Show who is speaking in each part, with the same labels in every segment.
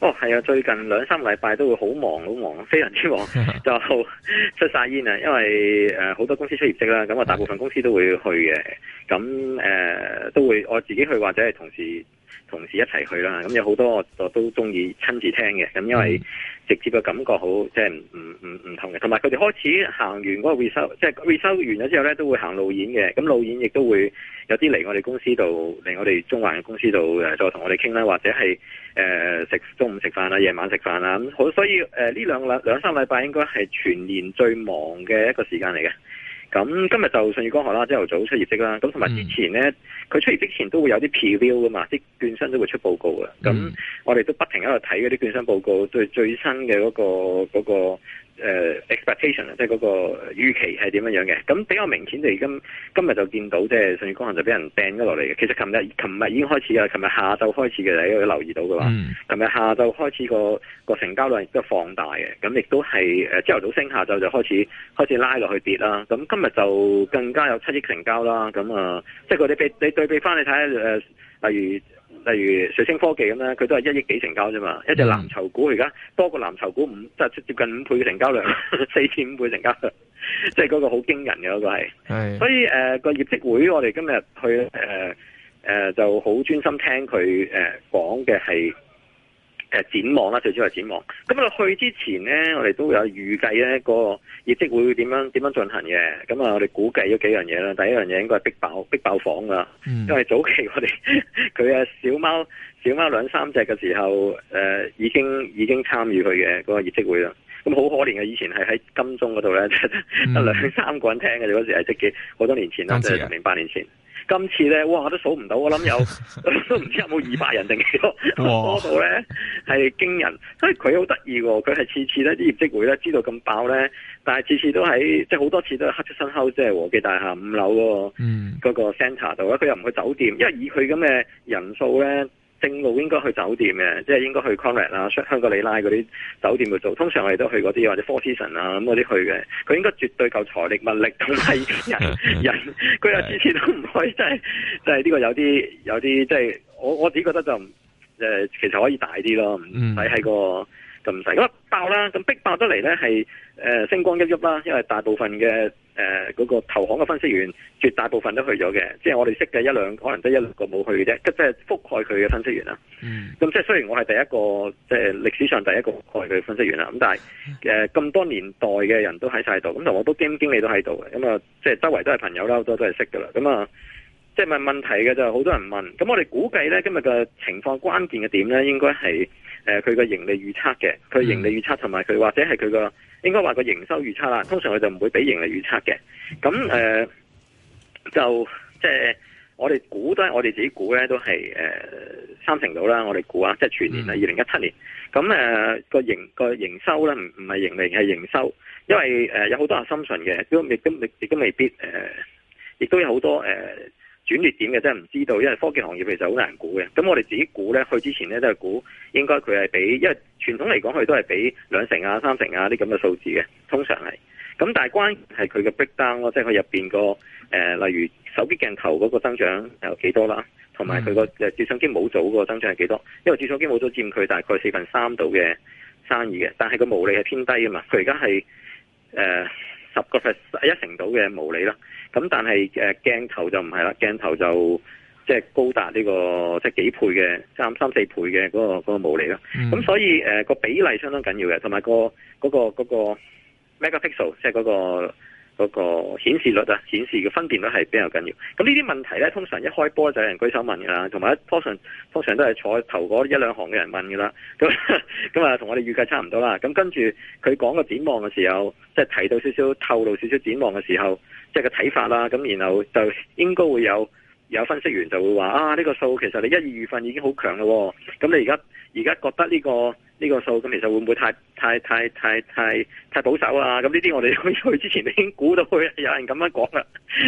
Speaker 1: 哦，係啊！最近兩三禮拜都會好忙，好忙，非常之忙，就出晒煙啊！因為誒好、呃、多公司出業績啦，咁我大部分公司都會去嘅，咁誒、呃、都會我自己去或者係同事。同事一齊去啦，咁有好多我都都中意親自聽嘅，咁因為直接嘅感覺好，即係唔唔唔同嘅。同埋佢哋開始行完嗰個 result，即係 result 完咗之後呢，都會行路演嘅。咁路演亦都會有啲嚟我哋公司度，嚟我哋中環嘅公司度再同我哋傾啦，或者係誒食中午食飯啦，夜晚食飯啦。咁好，所以呢、呃、兩兩兩三禮拜應該係全年最忙嘅一個時間嚟嘅。咁今日就舜宇光學啦，朝頭早出業績啦。咁同埋之前咧，佢、嗯、出業績之前都會有啲 preview 噶嘛，啲券商都會出報告嘅。咁、嗯、我哋都不停喺度睇嗰啲券商報告，對最新嘅嗰個嗰個。那個誒、呃、expectation 啊，即係嗰個預期係點樣樣嘅？咁比較明顯就而家今日就見到，即係舜宇光學就俾人掟咗落嚟嘅。其實琴日琴日已經開始嘅，琴日下晝開始嘅，都留意到嘅嘛？琴、嗯、日下晝開始個個成交量亦都放大嘅，咁亦都係誒朝頭早升，下晝就開始開始拉落去跌啦。咁今日就更加有七億成交啦。咁啊、呃，即係佢你比你對比翻你睇下誒、呃，例如。例如瑞聲科技咁啦，佢都係一億幾成交啫嘛，一隻藍籌股而家多過藍籌股五，即係接近五倍嘅成交量，四千五倍成交，量、就是，即係嗰個好驚人嘅嗰個係。所以誒、呃那個業績會我們，我哋今日去誒誒就好專心聽佢誒講嘅係。呃誒展望啦，最主要係展望。咁啊去之前咧，我哋都有預計咧個業績會點樣點樣進行嘅。咁啊，我哋估計咗幾樣嘢啦。第一樣嘢應該係逼爆逼爆房啦、嗯。因為早期我哋佢啊小貓小貓兩三隻嘅時候，誒、呃、已經已經參與佢嘅嗰個業績會啦。咁好可憐嘅，以前係喺金鐘嗰度咧，得、嗯、兩三個人聽嘅。嗰時係即係好多年前啦，即十年八年前。今次呢，哇，我都數唔到，我諗有都唔 知有冇二百人定幾多，多到呢，係驚人。所以佢好得意喎，佢係次次呢啲業績會呢，知道咁爆呢，但係次次都喺即係好多次都 Hutchison House，即係和記大廈五樓嗰個嗰個 centre 度呢，佢、嗯、又唔去酒店，因為以佢咁嘅人數呢。路應該去酒店嘅，即係應該去 Conrad 啦，香格里拉嗰啲酒店度做。通常我哋都去嗰啲或者 Four Seasons 啊咁嗰啲去嘅。佢應該絕對夠財力、物力同埋人， 人佢又支持都唔開。即係即係呢個有啲有啲，即、就、係、是、我我自己覺得就誒、呃，其實可以大啲咯，唔使喺個。 咁咁爆啦，咁逼爆得嚟咧，係誒、呃、星光熠熠啦，因為大部分嘅誒嗰個投行嘅分析員絕大部分都去咗嘅，即、就、係、是、我哋識嘅一兩，可能得一兩個冇去嘅啫，即、就、係、是、覆蓋佢嘅分析員啦。咁、嗯、即係雖然我係第一個，即、就、係、是、歷史上第一個覆蓋佢分析員啦。咁但係咁、呃、多年代嘅人都喺晒度，咁同我都驚經理都喺度嘅，咁啊，即係周圍都係朋友都啦，好多都係識嘅啦。咁啊，即係問問題嘅就好多人問，咁我哋估計咧今日嘅情況關鍵嘅點咧，應該係。誒佢個盈利預測嘅，佢盈利預測同埋佢或者係佢個應該話個營收預測啦。通常佢就唔會俾盈利預測嘅。咁誒、呃、就即係我哋估都係我哋自己估咧，都係誒、呃、三成度啦。我哋估啊，即係全年係，二零一七年。咁誒個營個營收咧，唔唔係盈利係營收，因為誒、呃、有好多係深純嘅，都亦都亦都未必誒，亦、呃、都有好多誒。呃轉裂點嘅真係唔知道，因為科技行業其實好難估嘅。咁我哋自己估呢，去之前呢都係估應該佢係比，因為傳統嚟講佢都係比兩成啊、三成啊啲咁嘅數字嘅，通常係。咁但係關係佢嘅 break down 咯，即係佢入面個誒，例如手機鏡頭嗰個增長有幾多啦，同埋佢個誒攝像機模組個增長係幾多、嗯？因為照相機模組佔佢大概四分三度嘅生意嘅，但係個毛利係偏低啊嘛，佢而家係誒。呃十個 percent 一成到嘅毛利啦，咁但係鏡頭就唔係啦，鏡頭就即係、就是、高達呢、這個即係、就是、幾倍嘅三三四倍嘅嗰、那個那個嗰個毛利啦，咁、嗯、所以個、呃、比例相當緊要嘅，同埋個嗰個嗰個 megapixel 即係嗰個。那個那個那個那個嗰個顯示率啊，顯示嘅分辨率係比較緊要的。咁呢啲問題咧，通常一開波就有人舉手問噶啦，同埋一通常通常都係坐頭嗰一兩行嘅人問噶啦。咁咁啊，同我哋預計差唔多啦。咁跟住佢講個展望嘅時候，即係提到少少、透露少少展望嘅時候，即係個睇法啦。咁然後就應該會有。有分析員就會話啊，呢、呢個數其實你一二月份已經好強咯，咁你而家而家覺得呢、呢個呢、呢個數咁，其實會唔會太太太太太太保守啊？咁呢啲我哋可以去之前已經估到，去有人咁樣講啦、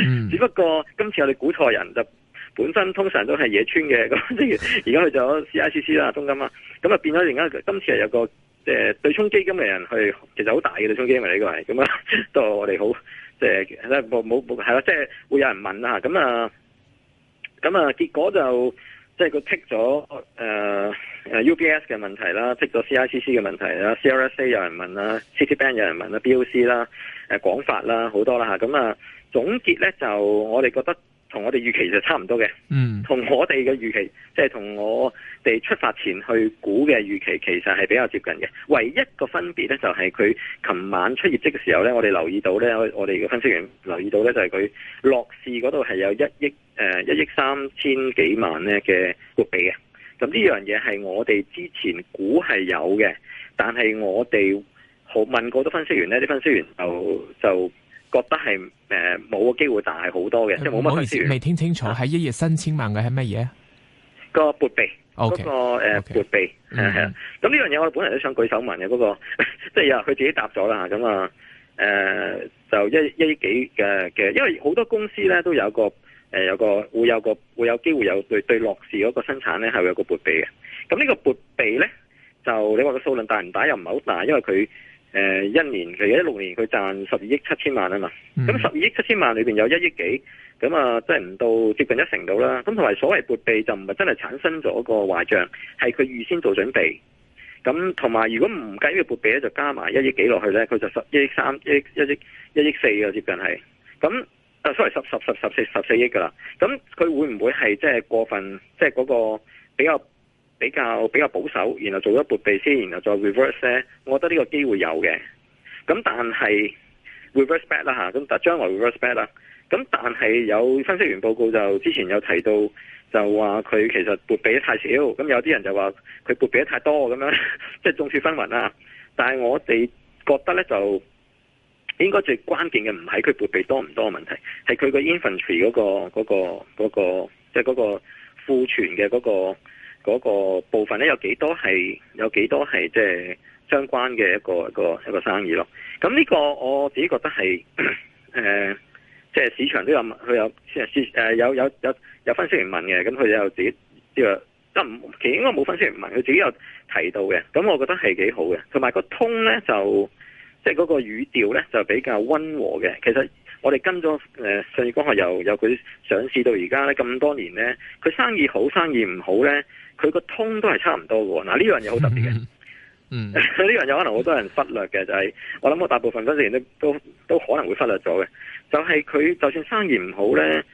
Speaker 1: 嗯。只不過今次我哋估錯人就本身通常都係野村嘅咁，即而家去咗 CICC 啦，中金啦，咁啊變咗而家今次係有個即係、呃、對沖基金嘅人去，其實好大嘅對沖基金嚟、啊、嘅，咁、這、啊、個、都我哋好即係冇冇冇係咯，即、呃、係、就是、會有人問啦嚇咁啊！那呃咁啊，結果就即係佢剔咗誒誒 UBS 嘅問題啦，剔咗 CICC 嘅問題啦，CRSA 有人問啦，Citibank 有人問啦，BOC 啦，誒、啊、廣發啦，好多啦吓咁啊，總結咧就我哋覺得。同我哋預期就差唔多嘅，嗯，同我哋嘅預期，即係同我哋出發前去估嘅預期，其實係比較接近嘅。唯一個分別呢，就係佢琴晚出業績嘅時候呢，我哋留意到呢，我哋嘅分析員留意到呢，就係佢落市嗰度係有一億誒一億三千幾萬呢嘅撥備嘅。咁呢樣嘢係我哋之前估係有嘅，但係我哋問過好多分析員呢，啲分析員就就。覺得係誒冇個機會大好多嘅，即係唔好意思，未
Speaker 2: 聽清楚，喺一夜新千萬嘅係乜嘢？
Speaker 1: 個撥備，嗰個誒撥備係啊，咁呢樣嘢我本來都想舉手問嘅，不過即係又佢自己答咗啦咁啊誒就一一億幾嘅嘅，因為好多公司咧都有個誒有個,有個會有個會有機會有對對落市嗰個生產咧係會有個撥備嘅，咁呢個撥備咧就你話個數量大唔大又唔係好大，因為佢。誒、呃、一年其實一六年佢賺十二億七千萬啊嘛，咁十二億七千萬裏邊有一億幾，咁啊即係唔到接近一成度啦。咁同埋所謂撥備就唔係真係產生咗個壞賬，係佢預先做準備。咁同埋如果唔計呢個撥備咧，就加埋一億幾落去咧，佢就十億一億三億一億一億四啊接近係，咁啊所謂十十十十四十四億㗎喇。咁佢會唔會係即係過分即係嗰個比較？比較比較保守，然後做咗撥備先，然後再 reverse 咧。我覺得呢個機會有嘅。咁但係 reverse back 啦咁但將來 reverse back 啦。咁但係有分析員報告就之前有提到，就話佢其實撥備得太少。咁有啲人就話佢撥備得太多咁樣， 即係眾說紛紜啦。但係我哋覺得咧，就應該最關鍵嘅唔係佢撥備多唔多嘅問題，係佢個 i n f a n t r y 嗰、那個嗰個嗰個，即係嗰個庫存嘅嗰個。那個那個那個就是嗰個部分咧，有幾多係，有幾多係即係相關嘅一個一個一個生意咯。咁呢個我自己覺得係誒，即、呃、係、就是、市場都有佢有有有有有分析員問嘅，咁佢又自己即即係唔，其實應該冇分析員問，佢自己有提到嘅。咁我覺得係幾好嘅。同埋個 tone 咧就即係嗰個語調咧就比較溫和嘅。其實。我哋跟咗誒舜宇光學由由佢上市到而家咧，咁多年咧，佢生意好生意唔好咧，佢個通都係差唔多嘅。嗱，呢樣嘢好特別
Speaker 2: 嘅，
Speaker 1: 嗯，呢樣嘢可能好多人忽略嘅，就係我諗我大部分分析員都都都可能會忽略咗嘅，就係佢就算生意唔好咧，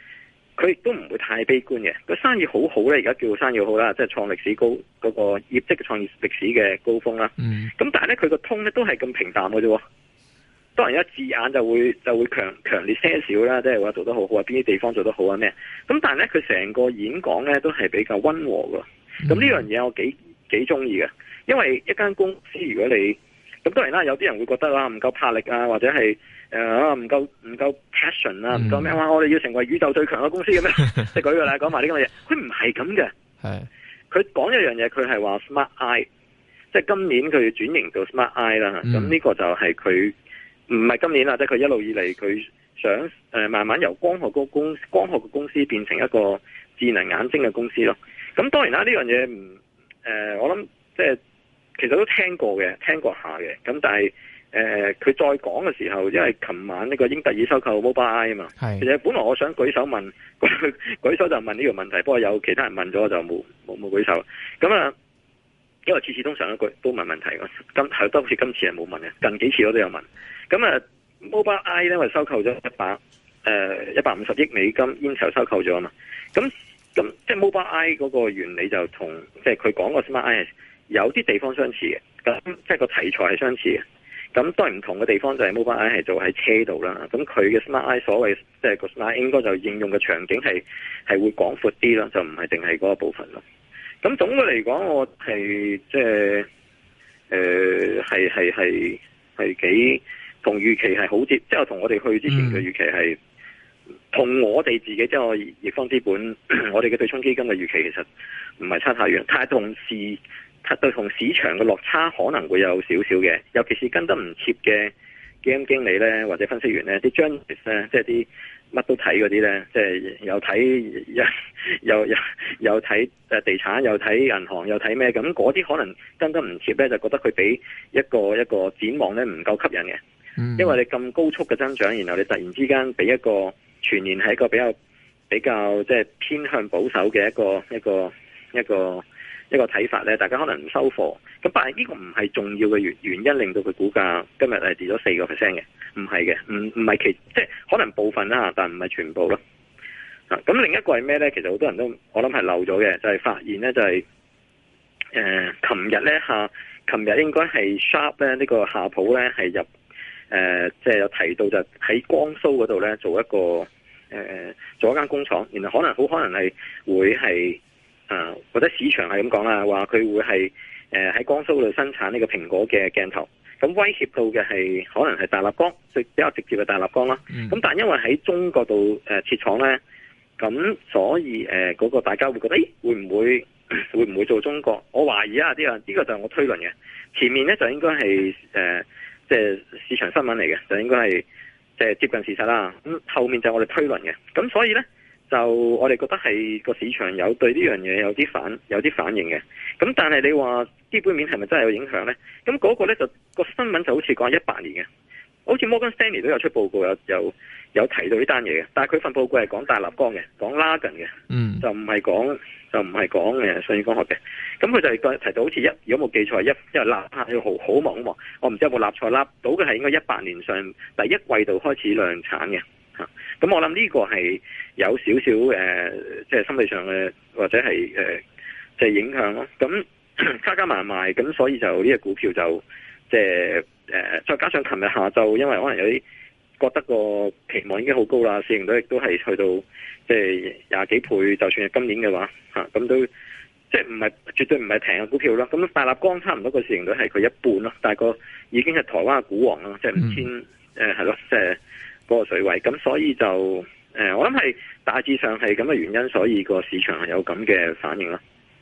Speaker 1: 佢亦都唔會太悲觀嘅。佢生意好好咧，而家叫生意好啦，即係創歷史高嗰個業績嘅創歷史嘅高峰啦。嗯，咁但係咧佢個通咧都係咁平淡嘅啫。當然一字眼就會就會強強，強烈些少啦，即係話做得好好啊，邊啲地方做得好啊咩？咁但係咧，佢成個演講咧都係比較溫和嘅。咁呢樣嘢我幾幾中意嘅，因為一間公司如果你咁，當然啦，有啲人會覺得啊唔夠魄力啊，或者係誒啊唔夠唔夠 passion 啊、嗯，唔夠咩話我哋要成為宇宙最強嘅公司咁、嗯、樣，即係舉個例講埋呢個嘢，佢唔係咁嘅。係佢講一樣嘢，佢係話 Smart eye，即係今年佢要轉型做 Smart eye 啦、嗯。咁、這、呢個就係佢。唔係今年啦，即係佢一路以嚟，佢想誒、呃，慢慢由光學個公司，光學嘅公司變成一個智能眼鏡嘅公司咯。咁、嗯、當然啦，呢樣嘢唔誒，我諗即係其實都聽過嘅，聽過下嘅。咁、嗯、但係誒，佢、呃、再講嘅時候，因為琴晚呢個英特爾收購 Mobile Eye 啊嘛，其實本來我想舉手問舉舉手就問呢個問題，不過有其他人問咗我就冇冇冇舉手。咁、嗯、啊，因為次次通常一句都問問題的，今係都好似今次係冇問嘅，近幾次我都有問。咁啊，Mobile I 咧，話收購咗一百，誒一百五十億美金 Intel 收購咗啊嘛。咁咁，即係、就是、Mobile I 嗰個原理就同，即係佢講個 Smart I 係有啲地方相似嘅。咁即係個題材係相似嘅。咁都係唔同嘅地方就係 Mobile I 係做喺車度啦。咁佢嘅 Smart I 所謂，即、就、係、是、個 Smart I 應該就應用嘅場景係係會廣闊啲啦，就唔係淨係嗰個部分咯。咁總嘅嚟講，我係即係，誒係係係係幾。同預期係好接，即係同我哋去之前嘅預期係，同我哋自己即係我易方資本，我哋嘅對沖基金嘅預期其實唔係差太遠，但係同時，對同市場嘅落差可能會有少少嘅，尤其是跟得唔貼嘅基金經理咧，或者分析員咧，啲 journal 咧，即係啲乜都睇嗰啲咧，即係又睇又又又睇地產，又睇銀行，又睇咩咁嗰啲可能跟得唔貼咧，就覺得佢畀一個一個展望咧唔夠吸引嘅。因為你咁高速嘅增長，然後你突然之間俾一個全年係一個比較比較即係偏向保守嘅一個一個一個一個睇法咧，大家可能唔收貨。咁但係呢個唔係重要嘅原原因，令到佢股價今日係跌咗四個 percent 嘅，唔係嘅，唔唔係其即係可能部分啦，但唔係全部咯。啊，咁另一個係咩咧？其實好多人都我諗係漏咗嘅，就係、是、發現咧、就是，就係誒，琴日咧下，琴日應該係 Sharp 咧呢、呢個夏普咧係入。誒、呃，即、就、係、是、有提到就喺江蘇嗰度呢，做一個誒，做一間工廠，然後可能好可能係會係啊、呃，或者市場係咁講啦，話佢會係誒喺江蘇度生產呢個蘋果嘅鏡頭，咁威脅到嘅係可能係大立光，比較直接嘅大立光啦。咁、嗯、但係因為喺中國度誒設廠呢，咁所以誒嗰個大家會覺得，誒、哎、會唔會會唔會做中國？我懷疑啊，啲人呢個就係我推論嘅。前面呢，就應該係誒。呃即、就、係、是、市場新聞嚟嘅，就應該係即係接近事實啦。咁後面就係我哋推論嘅，咁所以呢，就我哋覺得係個市場有對呢樣嘢有啲反有啲反應嘅。咁但係你話基本面係咪真係有影響呢？咁嗰個呢就、個新聞就好似講一八年嘅，好似摩根 Stanley 都有出報告有有。有有提到呢單嘢嘅，但係佢份報告係講大立光嘅，講拉近嘅、嗯，就唔係講就唔係講誒信義光學嘅。咁佢就係提提到好似一，如果冇記錯，一因為立太號好忙好忙，我唔知有冇立錯，啦。到嘅係應該一八年上第一季度開始量產嘅。咁我諗呢個係有少少即係、呃即係、心理上嘅或者係即係影響咯。咁加加埋埋，咁所以就呢隻、這個、股票就即係、呃、再加上琴日下晝，因為可能有啲。覺得個期望已經好高啦，市盈率亦都係去到即係廿幾倍，就算係今年嘅話吓，咁都即係唔係絕對唔係平嘅股票啦。咁大立光差唔多個市盈率係佢一半咯，大概已經係台灣嘅股王啦，即係五千誒係咯，即係嗰個水位。咁所以就誒、呃，我諗係大致上係咁嘅原因，所以個市場係有咁嘅反應啦。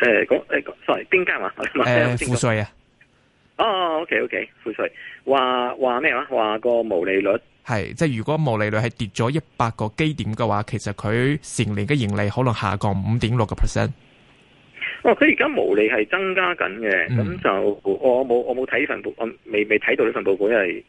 Speaker 1: 誒，誒，sorry，邊間啊？誒，富瑞啊。哦，OK，OK，富瑞話話咩話？話、哦 OK, OK，個毛利率
Speaker 2: 係，即係如果毛利率係跌咗一百個基點嘅話，其實佢成年嘅盈利可能下降五點六個 percent。哦，佢
Speaker 1: 而家毛利係增加緊嘅，咁、嗯、就我冇我冇睇份，份報，我未未睇到呢份報告係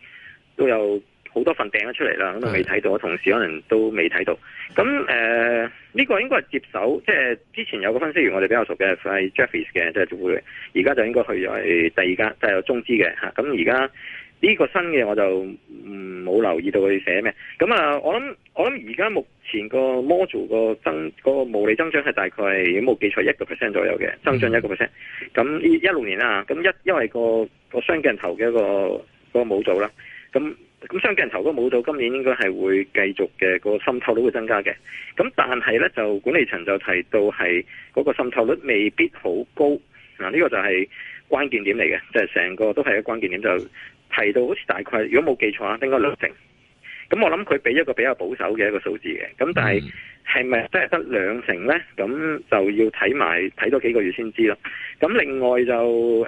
Speaker 1: 都有。好多份掟咗出嚟啦，可能未睇到，同事可能都未睇到。咁誒、呢、呃這個應該係接手，即係之前有個分析員，我哋比較熟嘅係 Jefferies 嘅，即係做匯，而家就應該去又係第二家，就係，是、中資嘅吓。咁而家呢個新嘅我就冇留意到佢寫咩。咁啊，我諗我諗而家目前個，、那個嗯那個個，那個模組個增個毛利增長係大概冇記錯一個 percent 左右嘅增長一個 percent。咁一六年啦，咁一因為個個雙鏡頭嘅一個個模組啦，咁。咁相鏡頭都冇到，今年應該係會繼續嘅、個滲透率會增加嘅。咁但係呢，就管理層就提到係嗰個滲透率未必好高。嗱、啊、呢、呢個就係關鍵點嚟嘅，即係成個都係一個關鍵點就提到好似大概如果冇記錯啊，應該兩成。咁我諗佢俾一個比較保守嘅一個數字嘅。咁但係係咪真係得兩成呢？咁就要睇埋睇多幾個月先知啦。咁另外就誒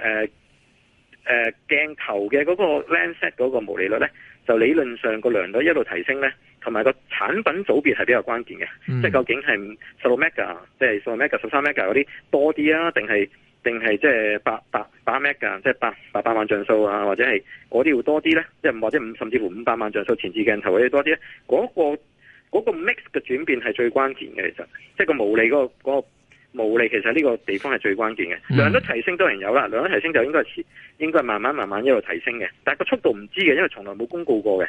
Speaker 1: 誒鏡頭嘅嗰個 lens set 嗰個毛利率呢。就理論上個量率一路提升咧，同埋個產品組別係比較關鍵嘅、嗯，即係究竟係十六 mega，即係十六 mega、十三 mega 嗰啲多啲啊，定係定係即係八八八 mega，即係八八百萬像素啊，或者係嗰啲會多啲咧，即係或者五甚至乎五百萬像素前置鏡頭嗰啲多啲咧，嗰、嗰個嗰個 mix 嘅轉變係最關鍵嘅，其實即係個無利嗰個嗰個，嗯嗰個毛利其實呢個地方係最關鍵嘅，量率提升當然有啦，量率提升就應該係應該係慢慢慢慢一路提升嘅，但係個速度唔知嘅，因為從來冇公告過嘅。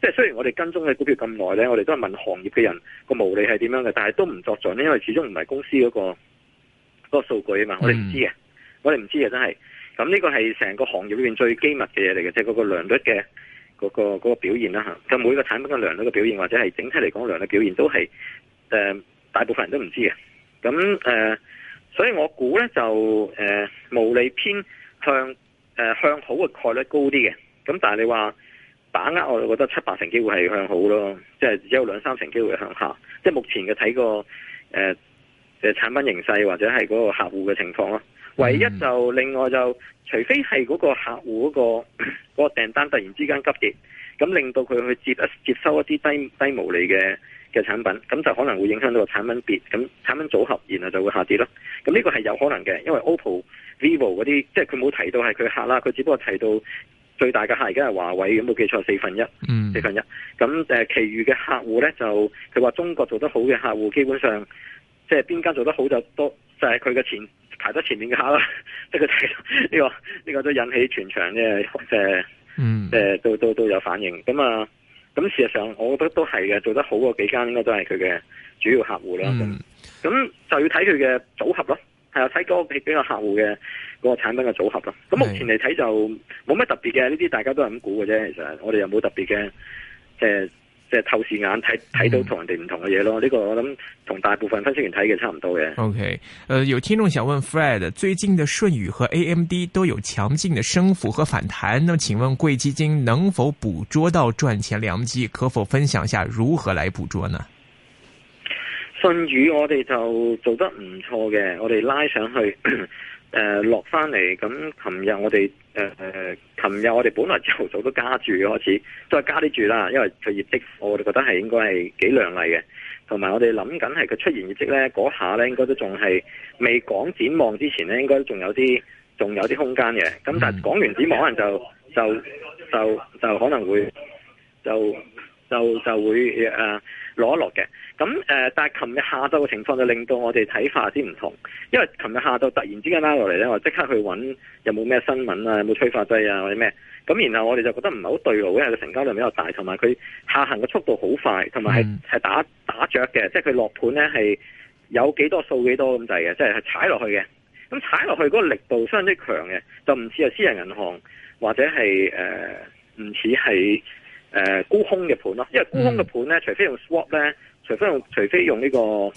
Speaker 1: 即係雖然我哋跟蹤嘅股票咁耐咧，我哋都係問行業嘅人個毛利係點樣嘅，但係都唔作準，因為始終唔係公司嗰、嗰個嗰、嗰個數據啊嘛，我哋唔知嘅，嗯、我哋唔知嘅，真係。咁呢個係成個行業裏面最機密嘅嘢嚟嘅，即係嗰個量率嘅嗰、嗰個、嗰個表現啦吓。咁每個產品嘅量率嘅表現或者係整體嚟講量率表現都係誒、呃、大部分人都唔知嘅。咁誒、呃，所以我估咧就誒毛、呃、利偏向，呃、向好嘅概率高啲嘅。咁但係你話把握，我覺得七八成機會係向好咯，即係只有兩三成機會向下。即係目前嘅睇個誒產品形勢或者係嗰個客戶嘅情況咯。嗯、唯一就另外就，除非係嗰個客戶嗰、嗰個嗰、嗰個訂單突然之間急跌，咁令到佢去接接收一啲低低毛利嘅。嘅產品咁就可能會影響到個產品別，咁產品組合然後就會下跌咯。咁呢個係有可能嘅，因為 OPPO、VIVO 嗰啲，即係佢冇提到係佢客啦，佢只不過提到最大嘅客而家係華為，咁冇記錯四分一，四分一。咁、呃、其餘嘅客戶咧就佢話中國做得好嘅客戶，基本上即係邊間做得好就多，就係佢嘅前排得前面嘅客啦。 即係佢提到呢個呢、這個都引起全場嘅誒，誒、呃呃呃、都都都有反應。咁啊。呃咁事實上，我覺得都係嘅，做得好嗰幾間應該都係佢嘅主要客戶啦。咁、嗯，就要睇佢嘅組合咯，係啊，睇嗰個比較客戶嘅嗰個產品嘅組合咯。咁目前嚟睇就冇咩特別嘅，呢啲大家都係咁估嘅啫。其實我哋又冇特別嘅，誒、呃。即係透視眼睇睇到同人哋唔同嘅嘢咯，呢個我諗同大部分分析員睇嘅差唔多嘅。
Speaker 2: OK，誒、呃，有聽眾想問 Fred，最近嘅舜宇和 AMD 都有強勁嘅升幅和反彈，那請問貴基金能否捕捉到賺錢良機？可否分享下如何來捕捉呢？
Speaker 1: 舜宇我哋就做得唔錯嘅，我哋拉上去，誒、呃、落翻嚟，咁琴日我哋誒。呃唔、嗯、有，我哋本來朝頭早都加住開始，都係加啲住啦，因為佢業績，我哋覺得係應該係幾亮麗嘅，同埋我哋諗緊係佢出現業績呢嗰下呢應該，應該都仲係未講展望之前呢，應該仲有啲仲有啲空間嘅，咁但係講完展望就就就就可能會就。就就會誒攞、呃、一嘅，咁誒、呃，但係琴日下晝嘅情況就令到我哋睇法啲唔同，因為琴日下晝突然之間拉落嚟咧，我即刻去揾有冇咩新聞啊，有冇催化劑啊或者咩，咁然後我哋就覺得唔係好對路因因為成交量比較大，同埋佢下行嘅速度好快，同埋係係打打着嘅，即係佢落盤咧係有幾多數幾多咁滯嘅，即係係踩落去嘅，咁踩落去嗰個力度相當強嘅，就唔似係私人銀行或者係誒唔似係。呃誒、呃，沽空嘅盤咯，因為沽空嘅盤咧，除非用 swap 咧，除非用除非用呢、這個誒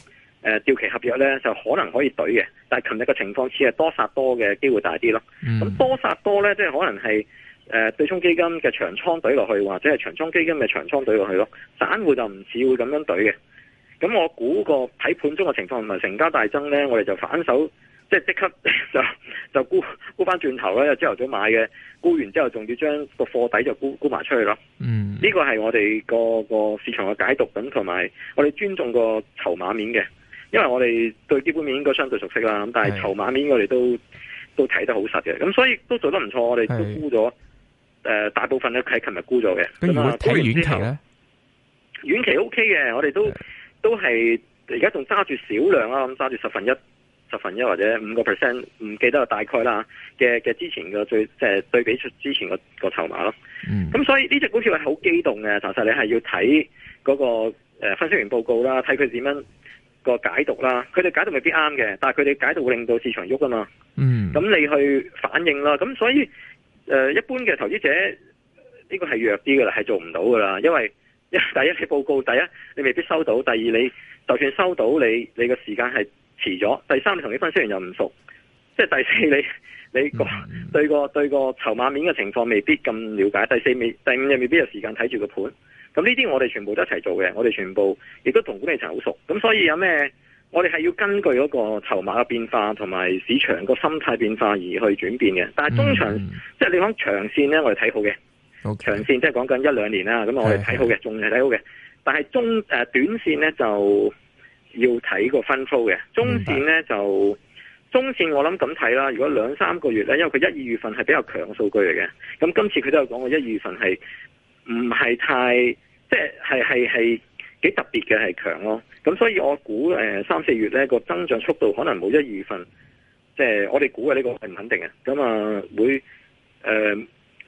Speaker 1: 掉期合約咧，就可能可以懟嘅。但係琴日嘅情況似係多殺多嘅機會大啲咯。咁、嗯、多殺多咧，即係可能係誒、呃、對沖基金嘅長倉懟落去，或者係長倉基金嘅長倉懟落去咯。散戶就唔似會咁樣懟嘅。咁我估個睇盤中嘅情況同埋成交大增咧，我哋就反手。即係即刻就就沽沽翻轉頭啦。又朝頭早買嘅沽，沽，沽、嗯沽，呃、沽，沽完之後，仲要將個貨底就沽沽埋出去咯。嗯，呢個係我哋個個市場嘅解讀，咁同埋我哋尊重個籌碼面嘅，因為我哋對基本面應該相對熟悉啦。咁但係籌碼面我哋都都睇得好實嘅，咁所以都做得唔錯。我哋都沽咗誒，大部分咧係琴日沽咗嘅。咁唔會睇遠期
Speaker 2: 咧？
Speaker 1: 遠期 O K 嘅，我哋都都係而家仲揸住少量啦。咁揸住十分一。十分一或者五個 percent，唔記得啊，大概啦嘅嘅之前嘅最即係、就是、對比出之前嘅個籌碼咯。嗯，咁所以呢隻股票係好機動嘅，查實你係要睇嗰個誒分析員報告啦，睇佢點樣個解讀啦。佢哋解讀未必啱嘅，但係佢哋解讀會令到市場喐啊嘛。嗯，咁你去反應啦。咁所以誒、呃、一般嘅投資者呢、這個係弱啲噶啦，係做唔到噶啦，因為因第一你報告，第一你未必收到，第二你就算收到，你你個時間係。遲咗，第三你同你分析完又唔熟，即係第四你你個、嗯、 對個對個籌碼面嘅情況未必咁了解，第四未、第五日未必有時間睇住個盤，咁呢啲我哋全部都一齊做嘅，我哋全部亦都同管理層好熟，咁所以有咩我哋係要根據嗰個籌碼嘅變化同埋市場個心態變化而去轉變嘅，但係中長、嗯、即係你講長線咧，我哋睇好嘅，okay, 長線即係講緊一兩年啦，咁我哋睇好嘅，仲係睇好嘅，yeah, 但係中誒、呃、短線咧就。要睇個分數嘅中線咧，就中線我諗咁睇啦。如果兩三個月咧，因為佢一、二月份係比較強數據嚟嘅，咁今次佢都有講過一、二月份係唔係太即係係係係幾特別嘅係強咯。咁所以我估三四月咧個增長速度可能冇一、二月份，即係我哋估嘅呢個係唔肯定嘅。咁啊會誒、呃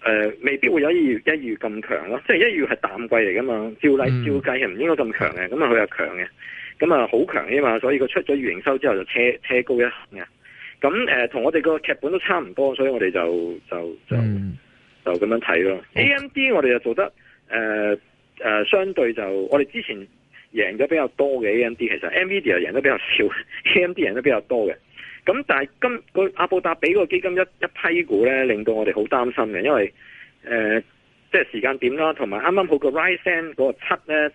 Speaker 1: 呃、未必會有一二一月咁強咯。即係一、二月係淡季嚟㗎嘛，照例照計係唔應該咁強嘅。咁啊佢又強嘅。咁、嗯、啊，好強啫嘛！所以佢出咗預盈收之後就車車高一行㗎。咁誒，同、呃、我哋個劇本都差唔多，所以我哋就就就就咁樣睇咯。A、okay. M D 我哋就做得誒誒、呃呃，相對就我哋之前贏咗比較多嘅 A M D，其實 M V D 啊贏得比較少 ，A M D 贏得比較多嘅。咁但係今個阿布達比個基金一一批股咧，令到我哋好擔心嘅，因為誒即係時間點啦，同埋啱啱好 Ryzen 個 rise 嗰個七咧。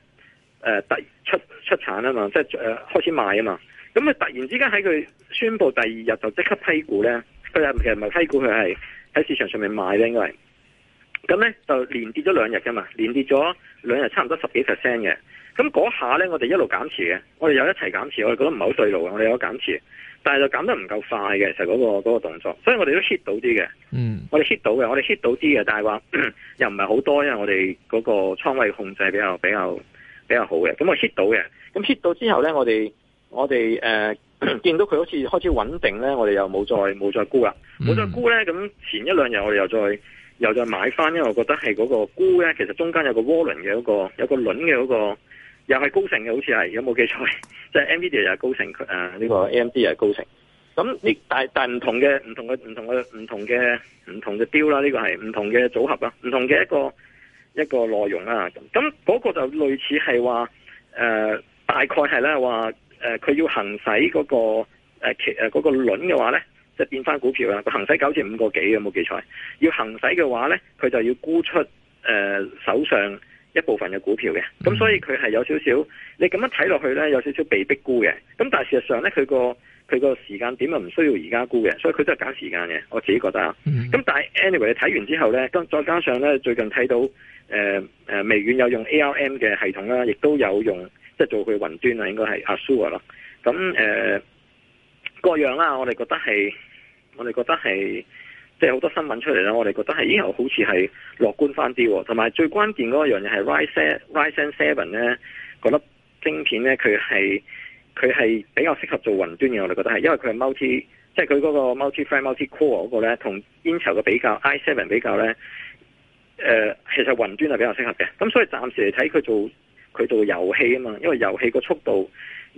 Speaker 1: 誒、呃，第出出產啊嘛，即係誒、呃、開始賣啊嘛，咁佢突然之間喺佢宣布第二日就即刻批股咧，佢日其實唔係批股，佢係喺市場上面賣咧，應該係。咁咧就連跌咗兩日嘅嘛，連跌咗兩日差唔多十幾 percent 嘅。咁嗰下咧，我哋一路減持嘅，我哋有一齊減持，我哋覺得唔係好對路嘅，我哋有減持，但係就減得唔夠快嘅，其實嗰、那個嗰、那個、動作。所以我哋都 hit 到啲嘅，嗯我，我哋 hit 到嘅，我哋 hit 到啲嘅，但係話又唔係好多，因為我哋嗰個倉位控制比較比較。比較好嘅，咁我 hit 到嘅，咁 hit 到之後咧，我哋我哋誒見到佢好似開始穩定咧，我哋又冇再冇再沽啦，冇再沽咧，咁前一兩日我哋又再又再買翻，因為我覺得係嗰個沽咧，其實中間有個渦輪嘅一個有個輪嘅嗰個又係高盛嘅，好似係有冇記錯？即係 Nvidia 又係高盛，誒呢個 AMD 又係高盛。咁你但但唔同嘅唔同嘅唔同嘅唔同嘅唔同嘅標啦，呢個係唔同嘅組合啦，唔同嘅一個。一個內容啦，咁嗰個就類似係話，誒、呃、大概係咧話，誒、呃、佢要行使嗰、那個誒、呃、其誒嗰、呃那個輪嘅話咧，就是、變變翻股票啦，行使九至五個幾有冇記錯？要行使嘅話咧，佢就要沽出誒、呃、手上一部分嘅股票嘅，咁所以佢係有少少，你咁樣睇落去咧有少少被逼沽嘅，咁但係事實上咧佢個。佢個時間點又唔需要而家估嘅，所以佢都係計時間嘅。我自己覺得啊，咁但係 anyway 睇完之後咧，加再加上咧，最近睇到誒誒、呃、微軟有用 ARM 嘅系統啦，亦都有用即係做佢雲端啊，應該係 Azure 咯。咁誒、呃、各樣啦，我哋覺得係，我哋覺得係即係好多新聞出嚟啦，我哋覺得係咦，我好似係樂觀翻啲，同埋最關鍵嗰樣嘢係 Ryzen Ryzen 7咧，嗰粒晶片咧佢係。佢係比較適合做雲端嘅，我哋覺得係，因為佢係 multi，即係佢嗰個 multi frame multi-core 嗰個咧，同 Intel 嘅比較 i7 比較咧，呃，其實雲端係比較適合嘅。咁所以暫時嚟睇佢做佢做遊戲啊嘛，因為遊戲個速度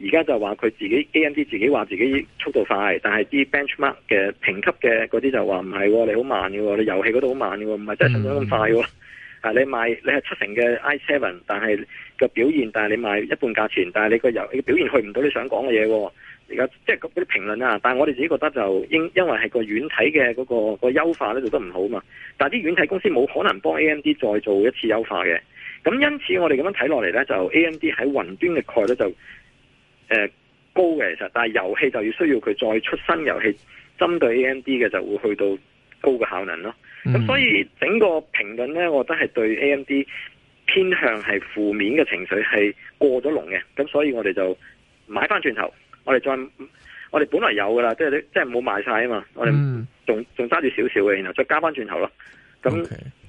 Speaker 1: 而家就話佢自己 AMD 自己話自己速度快，但係啲 benchmark 嘅評級嘅嗰啲就話唔係，你好慢嘅，你遊戲嗰度好慢嘅，唔係真係上到咁快喎。嗯啊！你賣你係七成嘅 i 7，但係個表現，但係你賣一半價錢，但係你個遊個表現去唔到你想講嘅嘢。而家即係嗰啲評論啊，但係我哋自己覺得就因因為係個軟體嘅嗰個個優化咧做得唔好嘛。但係啲軟體公司冇可能幫 A M D 再做一次優化嘅。咁因此我哋咁樣睇落嚟咧，就 A M D 喺雲端嘅概率就誒、呃、高嘅其實，但係遊戲就要需要佢再出新遊戲，針對 A M D 嘅就會去到。高嘅效能咯，咁、嗯、所以整個評論咧，我覺得係對 AMD 偏向係負面嘅情緒係過咗籠嘅，咁所以我哋就買翻轉頭，我哋再我哋本來有噶啦，即係你即係冇賣晒啊嘛，我哋仲仲揸住少少嘅，然後再加翻轉頭咯，咁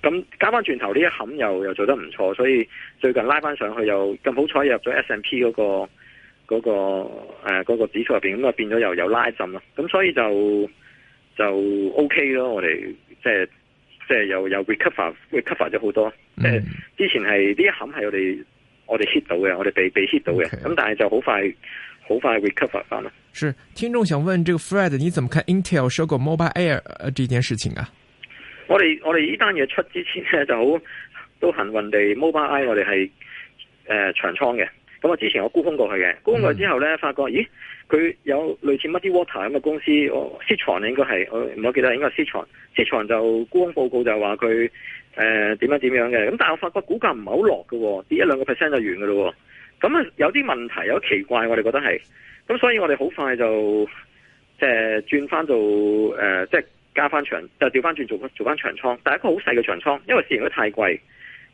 Speaker 1: 咁、okay、加翻轉頭呢一冚又又做得唔錯，所以最近拉翻上去又咁好彩入咗 S&P 嗰、那個嗰、那個誒嗰、呃那個指數入邊，咁啊變咗又有拉震啦，咁所以就。就 OK 咯，我哋即係即係又又 recover，recover 咗好多。即、嗯、係之前係呢一盒係我哋我哋 hit 到嘅，我哋被被 hit 到嘅，咁、okay。但係就好快好快 recover 翻啦，
Speaker 2: 是聽眾想問，這個 Fred，你怎麼看 Intel 收購 Mobileye 啊這件事情啊？
Speaker 1: 我哋我哋呢單嘢出之前咧就好都幸運地，Mobileye 我哋係誒長倉嘅。咁啊！之前我沽空過去嘅，沽空過去之後咧，發覺咦，佢有類似乜啲 water 咁嘅公司，哦、我 Citron 應該係我唔記得應該 Citron，Citron 就沽空報告就話佢誒點樣點樣嘅，咁但係我發覺股價唔係好落㗎喎，跌一兩個 percent 就完㗎咯喎，咁啊有啲問題有奇怪，我哋覺得係，咁所以我哋好快就即係轉翻做誒，即係加翻長，就調翻轉做做翻長倉，但係一個好細嘅長倉，因為市盈率太貴，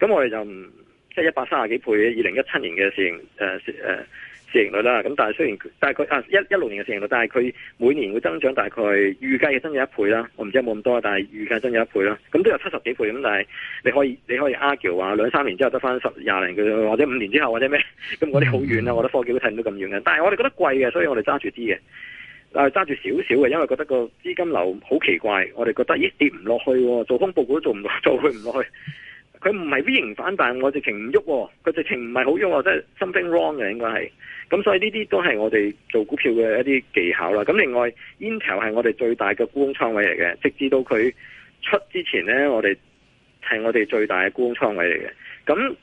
Speaker 1: 咁我哋就唔。即係一百三十幾倍嘅二零一七年嘅市盈，誒、呃，誒、呃，市盈率啦。咁但係雖然大概啊一一六年嘅市盈率，但係佢每年會增長，大概預計嘅增長一倍啦。我唔知有冇咁多，但係預計增長一倍啦。咁都有七十幾倍咁，但係你可以你可以 argue 啊，兩三年之後得翻十廿零嘅，或者五年之後或者咩，咁嗰啲好遠啊。我覺得科技都睇唔到咁遠嘅。但係我哋覺得貴嘅，所以我哋揸住啲嘅，但係揸住少少嘅，因為覺得個資金流好奇怪。我哋覺得咦跌唔落去，、啊、去，做空報告都做唔落，做佢唔落去。佢唔係 V 型反彈，但我直情唔喐，佢直情唔係好喐，即係 something wrong 嘅應該係，咁所以呢啲都係我哋做股票嘅一啲技巧啦。咁另外 Intel 係我哋最大嘅沽空倉位嚟嘅，直至到佢出之前呢，我哋係我哋最大嘅沽空倉位嚟嘅。咁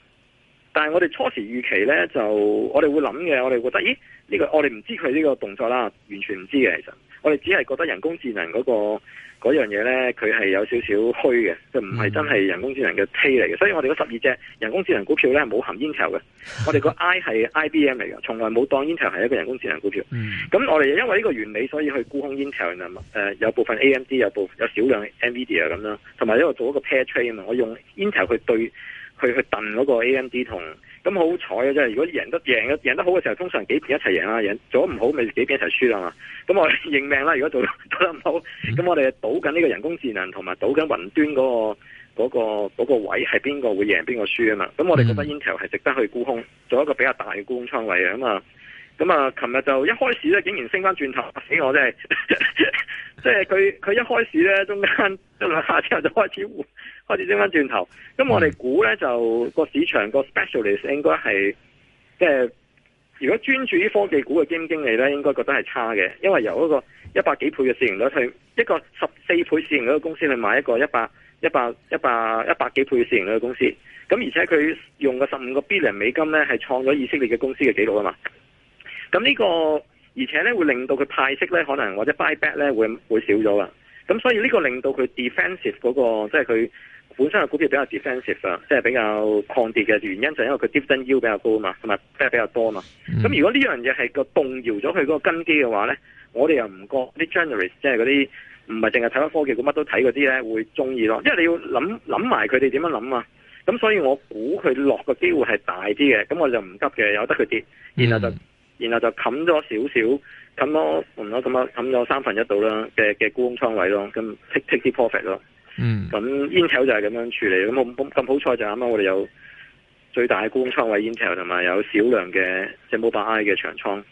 Speaker 1: 但係我哋初時預期呢，就我哋會諗嘅，我哋覺得咦呢、這個我哋唔知佢呢個動作啦，完全唔知嘅其實。我哋只係覺得人工智能嗰、嗰個嗰樣嘢呢，佢係有少少虛嘅，就唔係真係人工智能嘅 t 嚟嘅。所以我哋嗰十二隻人工智能股票呢，冇含 Intel 嘅。我哋個 I 係 IBM 嚟嘅，從來冇當 Intel 係一個人工智能股票。咁、嗯、我哋因為呢個原理，所以去沽空 Intel 嘛、呃。有部分 AMD 有部分有少量 NVIDIA 咁啦，同埋因為做一個 pair trade 啊嘛，我用 Intel 去對去去燉嗰個 AMD 同。咁好彩啊！真係，如果贏得贏嘅贏得好嘅時候，通常幾片一齊贏啦；，贏做得唔好，咪幾片一齊輸啦嘛。咁我哋認命啦。如果做得唔好，咁我哋係賭緊呢個人工智能同埋賭緊雲端嗰個嗰個嗰個位係邊個會贏邊個輸啊嘛。咁我哋覺得 Intel 係值得去沽空，做一個比較大嘅沽空倉位啊嘛。咁啊！琴日就一開始咧，竟然升翻轉頭，啊，死我真係！即係佢佢一開始咧，中間一兩下之後就開始開始升翻轉頭。咁我哋估咧，就個市場個 specialist 應該係即係如果專注於科技股嘅經經理咧，應該覺得係差嘅，因為由一個一百幾倍嘅市盈率去一個十四倍市盈率嘅公司去買一個一百一百一百一百幾倍嘅市盈率嘅公司，咁而且佢用個十五個 billion 美金咧，係創咗以色列嘅公司嘅紀錄啊嘛！咁呢、這個，而且咧會令到佢派息咧，可能或者 buy back 咧會會少咗噶。咁所以呢個令到佢 defensive 嗰、那個，即係佢本身嘅股票比較 defensive 啊，即、就、係、是、比較抗跌嘅原因就因為佢 dividend yield 比較高嘛，同埋 buy 比較多嘛。咁、嗯、如果呢樣嘢係個動搖咗佢個根基嘅話咧，我哋又唔覺啲 generous，即係嗰啲唔係淨係睇翻科技佢乜都睇嗰啲咧會中意咯。因為你要諗諗埋佢哋點樣諗啊。咁所以我估佢落個機會係大啲嘅，咁我就唔急嘅，由得佢跌、嗯，然後就。然後就冚咗少少，冚咗唔咯，冚咗冚咗三分一度啦，嘅嘅沽空倉位咯，咁 take take 啲 profit 咯，嗯，咁 Intel 就係咁樣處理，咁咁咁好彩就啱啱我哋有最大嘅沽空倉位 Intel 同埋有少量嘅即冇五 I 嘅長倉。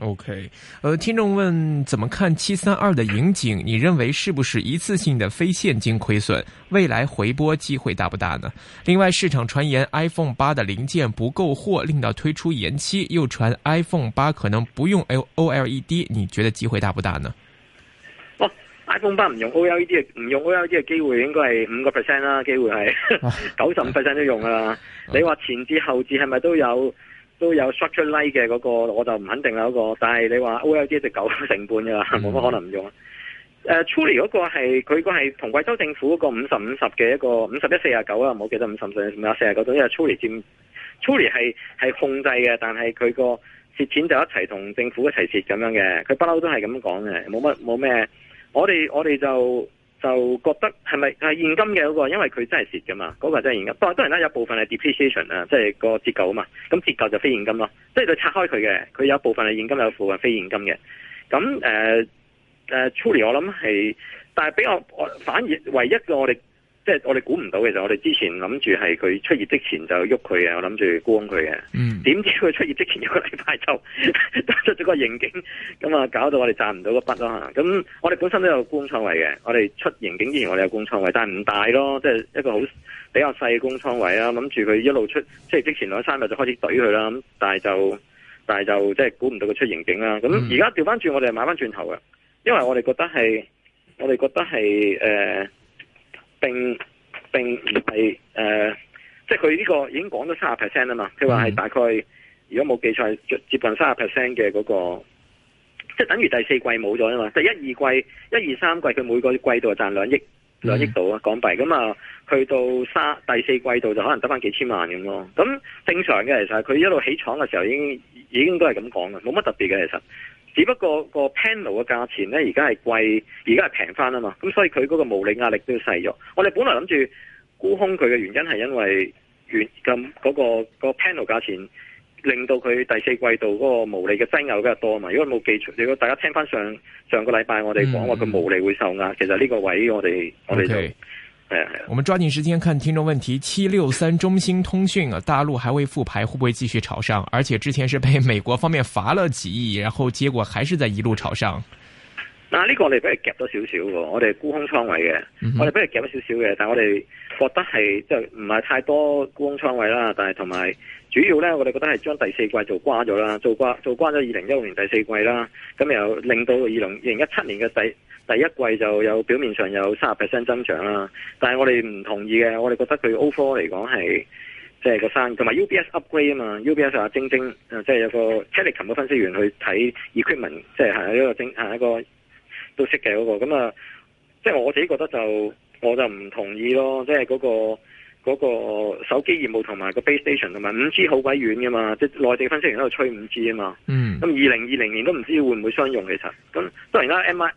Speaker 2: OK，呃，聽眾問怎麼看七三二的盈警？你認為是不是一次性的非現金虧損？未來回波機會大不大呢？另外，市場傳言 iPhone 八的零件不夠貨，令到推出延期，又傳 iPhone 八可能不用、L、OLED，你覺得機會大不大呢？哦、
Speaker 1: oh,，iPhone 八唔用 OLED 唔用 OLED 嘅機會應該係五個 percent 啦，機會係九十五 percent 都用㗎啦。Oh. 你話前置後置係咪都有？都有刷出 l i t e 嘅嗰個，我就唔肯定啦嗰、那個。但係你話 OLED 隻狗成半㗎啦，冇、嗯、乜可能唔用啊。誒，Truly 嗰個係佢個係同貴州政府嗰個五十五十嘅一個五十一四廿九啊，唔記得五十五十冇有四廿九種，50, 50, 49, 因為 Truly 佔 Truly 係係控制嘅，但係佢個蝕錢就一齊同政府一齊蝕咁樣嘅，佢不嬲都係咁講嘅，冇乜冇咩，我哋我哋就。就覺得係咪係現金嘅嗰個？因為佢真係蝕㗎嘛，嗰個真係現金。不過當然啦有部分係 depreciation 啊，即係個折舊啊嘛。咁折舊就非現金咯，即係佢拆開佢嘅，佢有部分係現金，有部分係非現金嘅。咁誒誒，全年我諗係，但係比我，反而唯一個我哋。即係我哋估唔到嘅就，我哋之前諗住係佢出業績前就喐佢嘅。我諗住沽佢嘅，點知佢出業績前一個禮拜就 出咗個盈警，咁啊搞到我哋賺唔到嗰筆咯。咁我哋本身都有公倉位嘅，我哋出盈警之前我哋有公倉位，但係唔大咯，即係一個好比較細嘅公倉位啦。諗住佢一路出即係之前兩三日就開始隊佢啦，但係就但係就即係估唔到佢出盈警啦。咁而家調翻轉我哋係買翻轉頭嘅，因為我哋覺得係我哋覺得係誒。呃並並唔係誒，即係佢呢個已經講咗卅 percent 啊嘛，佢話係大概如果冇記錯，接近卅 percent 嘅嗰個，即係等於第四季冇咗啊嘛，第一二季、一二三季佢每個季度就賺兩億、嗯、兩億度啊港幣，咁啊去到三第四季度就可能得返幾千萬咁咯，咁正常嘅其實佢一路起廠嘅時候已經已經都係咁講嘅，冇乜特別嘅其實。只不過個 panel 嘅價錢咧，而家係貴，而家係平翻啊嘛，咁所以佢嗰個毛利壓力都細咗。我哋本來諗住沽空佢嘅原因係因為原咁嗰、嗰個、嗰個 panel 價錢令到佢第四季度嗰個毛利嘅擠牛比較多啊嘛。如果冇記錯，如果大家聽翻上上個禮拜我哋講話佢毛利會受壓，其實呢個位我哋、okay. 我哋就。
Speaker 2: 我們抓緊時間看聽眾問題。七六三，中興通訊啊，大陸還未復牌，會不會繼續朝上？而且之前是被美國方面罰了幾億，然後結果還是在一路朝上。
Speaker 1: 嗱、啊、呢、呢個我哋不如夾多少少我哋沽空倉位嘅、嗯，我哋不如夾多少少嘅，但係我哋覺得係即係唔係太多沽空倉位啦，但係同埋。主要呢，我哋覺得係將第四季做瓜咗啦，做瓜做瓜咗二零一六年第四季啦，咁又令到二零二零一七年嘅第第一季就有表面上有三十 percent 增長啦，但係我哋唔同意嘅，我哋覺得佢 O4 嚟講係即係個生同埋 UBS upgrade 嘛 UBS 啊嘛，UBS 阿晶晶即係、就是、有個 Telecom 嘅分析員去睇 equipment，即係係一個係一個都識嘅嗰個，咁啊，即係我自己覺得就我就唔同意咯，即係嗰個。嗰、那個手機業務同埋個 base station 同埋五 G 好鬼遠嘅嘛，即係內地分析員喺度吹五 G 啊嘛。嗯。咁二零二零年都唔知會唔會商用其實。咁當然啦，M I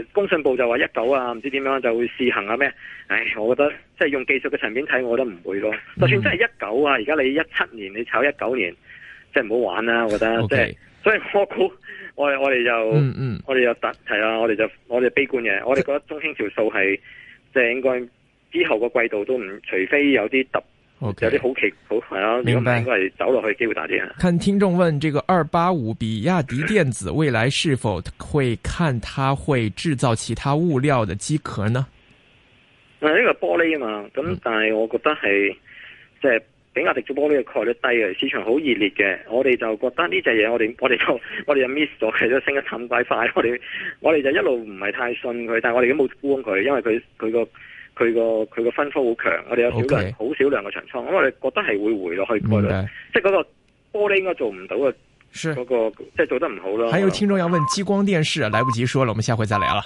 Speaker 1: 誒工信部就話一九啊，唔知點樣就會試行啊咩。唉，我覺得即係用技術嘅層面睇，我覺得唔會咯、嗯。就算真係一九啊，而家你一七年你炒一九年，即係唔好玩啦。我覺得、okay. 即係，所以我估我我哋就我哋就睇啊，我哋就、嗯嗯、我哋悲觀嘅、嗯，我哋覺得中興條數係即係應之後個季度都唔，除非有啲突，有啲好奇，okay. 好係啊，如果唔係應該係走落去機會大啲啊。
Speaker 2: 看聽眾問：這個二八五比亞迪電子未來是否會看它會製造其他物料嘅機殼呢？呢，
Speaker 1: 嗯呢個玻璃嘛，咁但係我覺得係即係比亞迪做玻璃嘅概率低啊，市場好熱烈嘅，我哋就覺得呢隻嘢我哋我哋我哋就 miss 咗，佢就升得慘鬼快，快，我哋我哋就一路唔係太信佢，但係我哋都冇沽空佢，因為佢佢個。佢個佢個分幅好強，Okay. 我哋有少量好少量嘅長倉，咁我哋覺得係會回落去嗰度，即係嗰個玻璃應該做唔到嘅，嗰、那個即係、就是、做得唔好咯。還有聽
Speaker 2: 眾要問、嗯、激光電視，來不及說了，我們下回再聊啦。